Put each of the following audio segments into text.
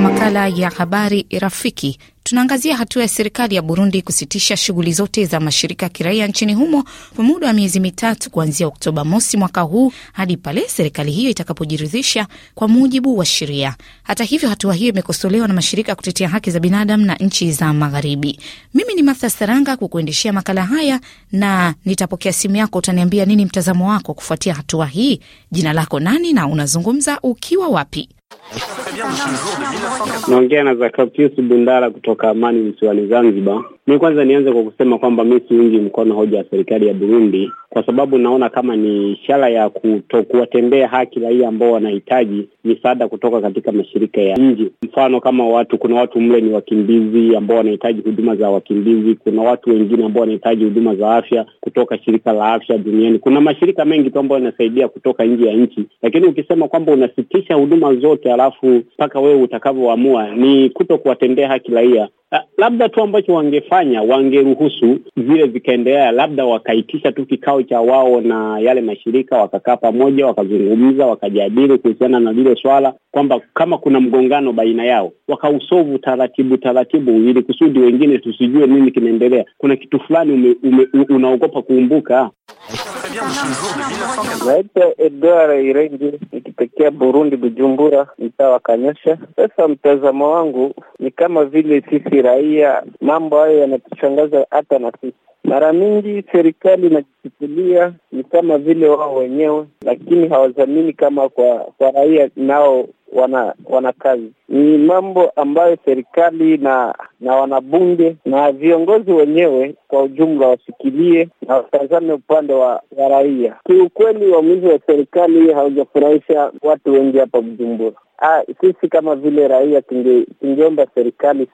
makala ya habari rafiki, tunaangazia hatua ya serikali ya Burundi kusitisha shughuli zote za mashirika ya kiraia nchini humo kwa muda wa miezi mitatu kuanzia Oktoba mosi mwaka huu hadi pale serikali hiyo itakapojiridhisha kwa mujibu wa sheria. Hata hivyo, hatua hiyo imekosolewa na mashirika ya kutetea haki za binadamu na nchi za Magharibi. Mimi ni Martha Saranga kukuendeshea makala haya, na nitapokea simu yako. Utaniambia nini mtazamo wako kufuatia hatua hii. Jina lako nani na unazungumza ukiwa wapi? Naongea na Zakapius Bundala kutoka Amani msiwani Zanzibar. Mi kwanza nianze kwa kusema kwamba mi siungi mkono hoja ya serikali ya Burundi kwa sababu naona kama ni ishara ya kutokuwatendea haki raia ambao wanahitaji misaada kutoka katika mashirika ya nje. Mfano kama watu, kuna watu mle ni wakimbizi ambao wanahitaji huduma za wakimbizi, kuna watu wengine ambao wanahitaji huduma za afya kutoka shirika la afya duniani. Kuna mashirika mengi tu ambayo yanasaidia kutoka nje ya nchi, lakini ukisema kwamba unasitisha huduma zote alafu mpaka wewe utakavyoamua, ni kuto kuwatendea haki raia. Ah, labda tu ambacho wangefanya wangeruhusu zile zikaendelea, labda wakaitisha tu kikao cha wao na yale mashirika, wakakaa pamoja, wakazungumza, wakajadili kuhusiana na lile swala, kwamba kama kuna mgongano baina yao wakausovu taratibu taratibu, ili kusudi wengine tusijue nini kinaendelea. Kuna kitu fulani unaogopa kuumbuka. Naitwa Edwara Irengi, nikitokea Burundi, Bujumbura, mtaa wa Kanyosha. Sasa mtazamo wangu ni kama vile sisi kiraia, raia, mambo hayo yanatushangaza hata na sisi. Mara mingi serikali inajichukulia ni kama vile wao wenyewe, lakini hawazamini kama kwa, kwa raia nao wana, wana kazi. Ni mambo ambayo serikali na na wanabunge na viongozi wenyewe kwa ujumla wasikilie na watazame upande wa, wa raia. Kiukweli uamuzi wa serikali haujafurahisha watu wengi hapa Bujumbura. Ah, sisi kama vile raia tunge, tungeomba serikali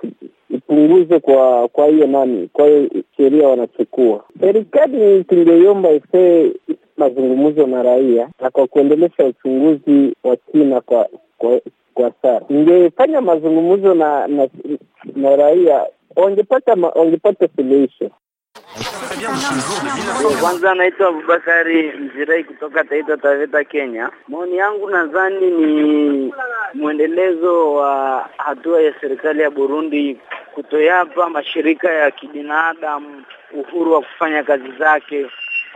ipunguze kwa kwa hiyo nani, kwa hiyo sheria wanachukua serikali, tungeiomba ife mazungumzo na raia na kwa kuendelesha uchunguzi wa kina kwa kwa, kwa sara. Ingefanya mazungumzo na, na, na raia wangepata wangepata suluhisho. Kwanza anaitwa Abubakari Mzirai kutoka Taita Taveta, Kenya. Maoni yangu nadhani ni mwendelezo wa hatua ya serikali ya Burundi kutoyapa mashirika ya kibinadamu uhuru wa kufanya kazi zake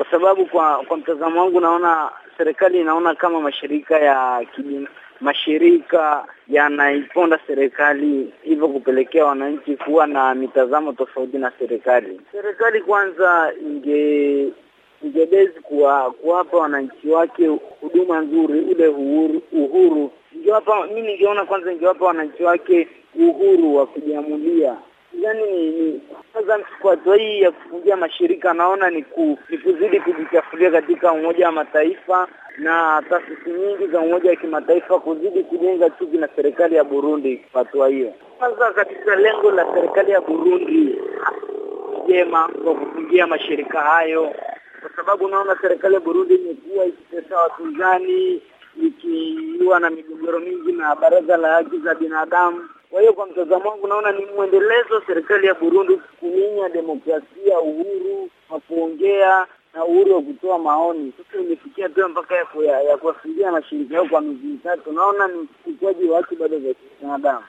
kwa sababu kwa kwa mtazamo wangu naona serikali inaona kama mashirika ya kibin, mashirika yanaiponda serikali, hivyo kupelekea wananchi kuwa na mitazamo tofauti na serikali. Serikali kwanza inge ingebezi kuwa kuwapa wananchi wake huduma nzuri, ule uhuru, uhuru ingewapa, mimi ningeona kwanza ingewapa wananchi wake uhuru wa kujiamulia yani ni kwa msikuato hii ya kufungia mashirika naona ni, ku, ni kuzidi kujichafulia katika Umoja wa Mataifa na taasisi nyingi za Umoja wa Kimataifa kuzidi kujenga chuki na serikali ya Burundi. Hatua hiyo kwanza, katika lengo la serikali ya Burundi jema kwa kufungia mashirika hayo, kwa sababu naona serikali ya Burundi imekuwa ikitesa wapinzani, ikiwa na migogoro mingi na Baraza la Haki za Binadamu kwa hiyo kwa mtazamo wangu naona ni mwendelezo serikali ya Burundi kuminya demokrasia, uhuru wa kuongea na uhuru wa kutoa maoni. Sasa imefikia pia mpaka ya, ya kuwasilia mashirika yao kwa miezi mitatu. Naona ni ukiukaji wa haki bado za binadamu.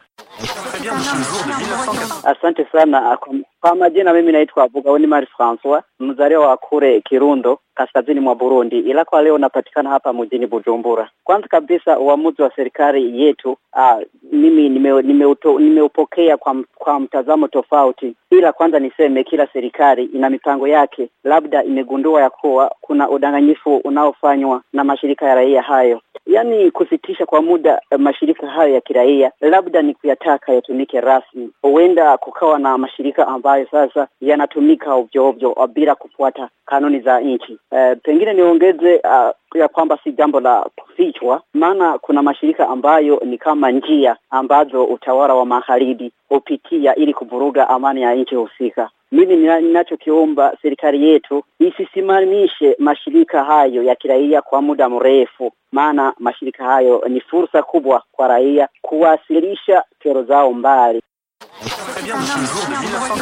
Asante sana. Kwa majina mimi naitwa Vugaweni Mari Francois, mzaliwa wa kule Kirundo, kaskazini mwa Burundi, ila kwa leo napatikana hapa mjini Bujumbura. Kwanza kabisa, uamuzi wa serikali yetu aa, ah, mimi nimeupokea nime nime kwa, kwa mtazamo tofauti, ila kwanza niseme kila serikali ina mipango yake, labda imegundua ya kuwa kuna udanganyifu unaofanywa na mashirika ya raia hayo, yaani kusitisha kwa muda eh, mashirika hayo ya kiraia, labda ni kuyataka yatumike rasmi. Huenda kukawa na mashirika amba ambayo sasa yanatumika ovyo ovyo uh, bila kufuata kanuni za nchi. E, pengine niongeze uh, ya kwamba si jambo la kufichwa, maana kuna mashirika ambayo ni kama njia ambazo utawala wa magharibi hupitia ili kuvuruga amani ya nchi husika. Mimi ninachokiomba serikali yetu isisimamishe mashirika hayo ya kiraia kwa muda mrefu, maana mashirika hayo ni fursa kubwa kwa raia kuwasilisha kero zao mbali.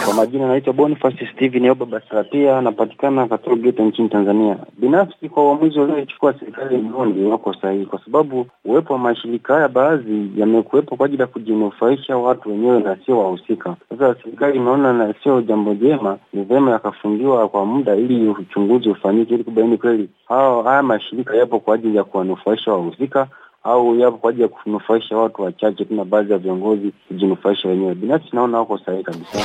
Kwa majina naitwa Boniface Steven Yoba Basarapia, anapatikana Katologeta nchini Tanzania. Binafsi kwa uamuzi waliochukua serikali ya Burundi wako sahihi, kwa sababu uwepo wa mashirika haya baadhi yamekuwepo kwa ajili ya kujinufaisha watu wenyewe na sio wahusika. Sasa serikali imeona na sio jambo jema, ni vyema yakafungiwa kwa muda ili uchunguzi ufanyike, ili kubaini kweli hao haya mashirika yapo kwa ajili ya kuwanufaisha wahusika au yapo kwa ajili ya kunufaisha watu wachache tu na baadhi ya viongozi kujinufaisha wenyewe. Binafsi naona wako sahihi kabisa.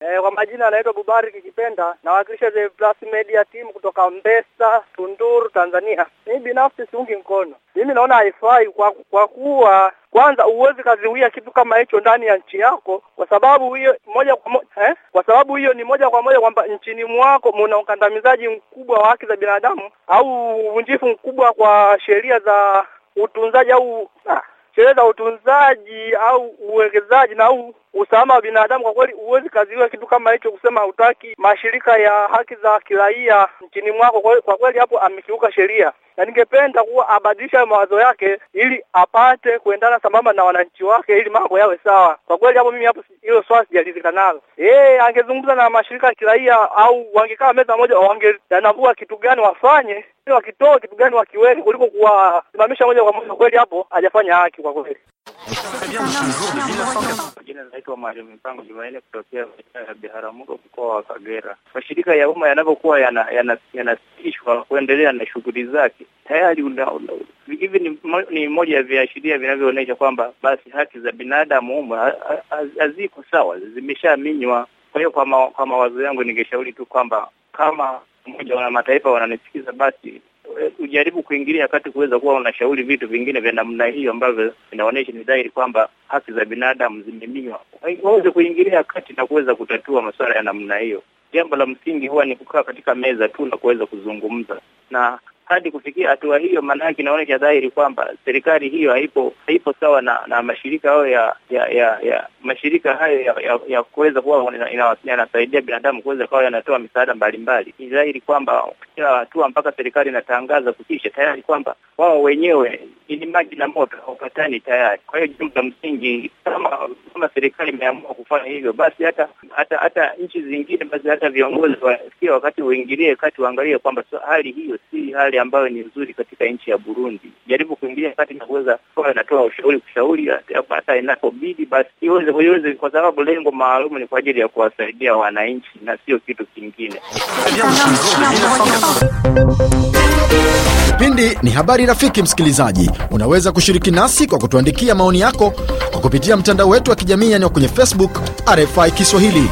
E, kwa majina anaitwa Bubariki Kipenda, nawakilisha The Plus Media Team kutoka Mbesa, Tunduru, Tanzania. Mimi binafsi siungi mkono, mimi naona haifai kwa, kwa kuwa kwanza huwezi kaziuia kitu kama hicho ndani ya nchi yako, kwa sababu hiyo moja kwa moja eh, kwa sababu hiyo ni moja kwa moja kwamba nchini mwako muna ukandamizaji mkubwa wa haki za binadamu au uvunjifu mkubwa kwa sheria za utunzaji au ah, sheria za utunzaji au uwekezaji na au usalama wa binadamu, kwa kweli huwezi kaziwa kitu kama hicho, kusema hutaki mashirika ya haki za kiraia nchini mwako. Kwa kweli hapo amekiuka sheria, na ningependa kuwa abadilisha mawazo yake ili apate kuendana sambamba na wananchi wake, ili mambo yawe sawa. Kwa kweli hapo mimi hapo hilo swali sijalizika nalo. Yeye angezungumza na mashirika ya kiraia au wangekaa meza moja, wangetambua kitu gani wafanye, wakitoa kitu gani wakiweke, kuliko kuwasimamisha moja kwa moja. Kweli hapo hajafanya haki kwa kweli. Naitwa Mwalimu Mpango Jumanne kutokea wilaya ya Biharamulo mkoa wa Kagera. Mashirika ya umma yanavyokuwa yanasitishwa kuendelea na shughuli zake, tayari hivi ni moja ya viashiria vinavyoonyesha kwamba basi haki za binadamu umma haziko sawa, zimeshaminywa. Kwa hiyo kwa mawazo yangu, ningeshauri tu kwamba kama Umoja wa Mataifa wananisikiza basi Eh, ujaribu kuingilia kati kuweza kuwa unashauri vitu vingine vya namna hiyo ambavyo vinaonyesha ni dhahiri kwamba haki za binadamu zimeminywa, waweze kuingilia kati na kuweza kutatua masuala ya namna hiyo. Jambo la msingi huwa ni kukaa katika meza tu na kuweza kuzungumza, na hadi kufikia hatua hiyo, maana yake inaonyesha dhahiri kwamba serikali hiyo haipo haipo sawa na, na mashirika hayo ya ya, ya, ya mashirika hayo ya, ya, ya kuweza kuwa yanasaidia binadamu kuweza kuwa yanatoa misaada mbalimbali. Ni dhahiri kwamba kila hatua mpaka serikali inatangaza kukisha tayari kwamba wao wenyewe ni maji na moto hawapatani tayari. Kwa hiyo jumla la msingi, kama kama serikali imeamua kufanya hivyo, basi hata hata hata nchi zingine, basi hata viongozi wafikia wakati uingilie kati, waangalie kwamba hali hiyo si hali serikali ambayo ni nzuri katika nchi ya Burundi, jaribu kuingilia kati na kuweza kuwa inatoa ushauri kushauri, hata inapobidi basi iweze iweze, kwa sababu lengo maalum ni kwa ajili ya kuwasaidia wananchi na sio kitu kingine. Kipindi ni habari. Rafiki msikilizaji, unaweza kushiriki nasi kwa kutuandikia maoni yako kwa kupitia mtandao wetu wa kijamii, yani kwenye Facebook RFI Kiswahili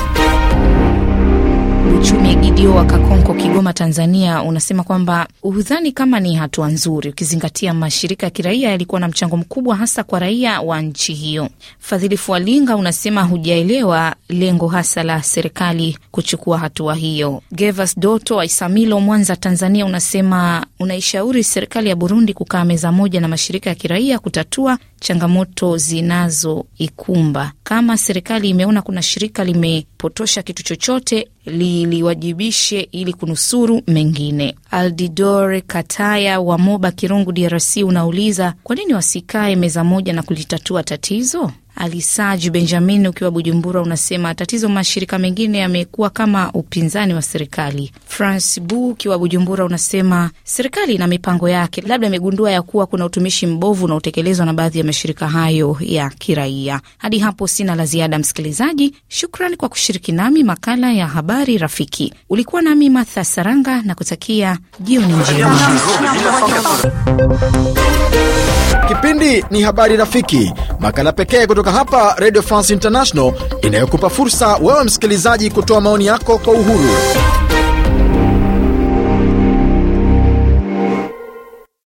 uchumi Gidio wa Kakonko, Kigoma, Tanzania, unasema kwamba hudhani kama ni hatua nzuri ukizingatia mashirika ya kiraia yalikuwa na mchango mkubwa hasa kwa raia wa nchi hiyo. Fadhili Fualinga unasema hujaelewa lengo hasa la serikali kuchukua hatua hiyo. Gevas Doto wa Isamilo, Mwanza, Tanzania, unasema unaishauri serikali ya Burundi kukaa meza moja na mashirika ya kiraia kutatua changamoto zinazoikumba. Kama serikali imeona kuna shirika limepotosha kitu chochote liliwajibishe ili kunusuru mengine. Aldidore Kataya wa Moba Kirungu, DRC unauliza kwa nini wasikae meza moja na kulitatua tatizo? Alisaji Benjamin ukiwa Bujumbura unasema tatizo mashirika mengine yamekuwa kama upinzani wa serikali. Franc Bu ukiwa Bujumbura unasema serikali ina mipango yake, labda imegundua ya kuwa kuna utumishi mbovu unaotekelezwa na baadhi ya mashirika hayo ya kiraia. Hadi hapo sina la ziada, msikilizaji. Shukran kwa kushiriki nami makala ya habari rafiki. Ulikuwa nami Martha Saranga na kutakia jioni njema. Kipindi ni habari rafiki, makala pekee kutoka hapa Radio France International inayokupa fursa wewe msikilizaji kutoa maoni yako kwa uhuru.